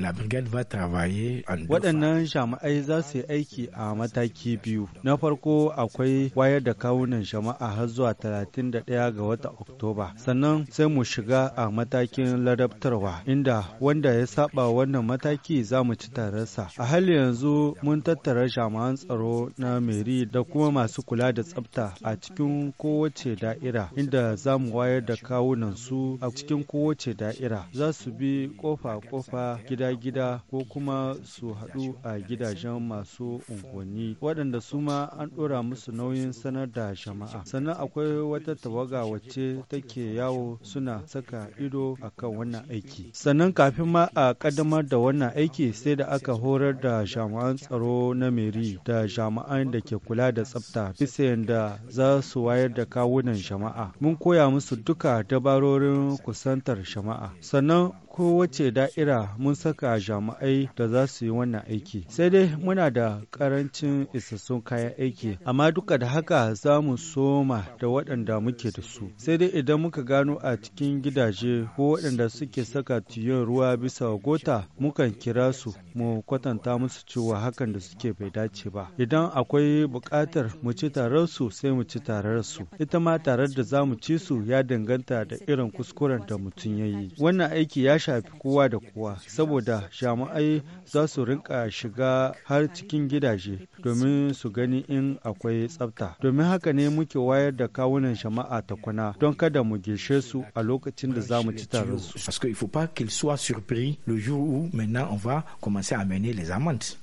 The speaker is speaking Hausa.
La brigade va travailler en Waɗannan jama'ai za su yi aiki a mataki biyu. Na farko akwai wayar da kawunan jama'a har zuwa 31 ga watan Oktoba. Sannan sai mu shiga a matakin ladabtarwa inda wanda ya saba wannan mataki za mu ci tararsa. A hali yanzu mun tattara jama'an tsaro na meri da kuma masu kula da tsafta a cikin kowace da'ira inda za mu wayar da kawunan su a cikin kowace da'ira za su bi kofa-kofa gida gida-gida ko kuma su haɗu a gidajen masu unguwanni waɗanda su ma an ɗora musu nauyin sanar da jama'a sannan akwai wata tawaga wacce take yawo suna saka ido akan wannan aiki sannan kafin ma a ƙaddamar da wannan aiki sai da aka horar da jami'an tsaro na meri da jama'an da ke kula da tsafta bisa yadda za su wayar da kawunan jama'a mun koya musu duka dabarorin kusantar jama'a sannan kowace da'ira mun saka jami'ai da za su yi wannan aiki sai dai muna da karancin isassun kayan aiki amma duka da haka za mu soma da waɗanda muke da su sai dai idan muka gano a cikin gidaje ko waɗanda suke saka tiyon ruwa bisa gota mukan kira su mu kwatanta musu cewa hakan da suke bai dace ba idan akwai buƙatar mu ci tarar su sai mu ci tarar su ita ma tare da za mu ci su ya danganta da irin kuskuren da mutum ya yi wannan aiki ya shafi kowa da kowa saboda jami'ai za su rinka shiga har cikin gidaje domin su gani in akwai tsafta domin haka ne muke wayar da kawunan jama'a ta kwana don kada mu gishe su a lokacin da za mu ci taron su. Parce